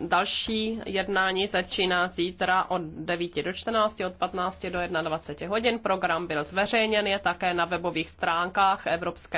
další jednání začíná zítra od 9 do 14, od 15 do 21 hodin. Program byl zveřejněn, je také na webových stránkách Evropské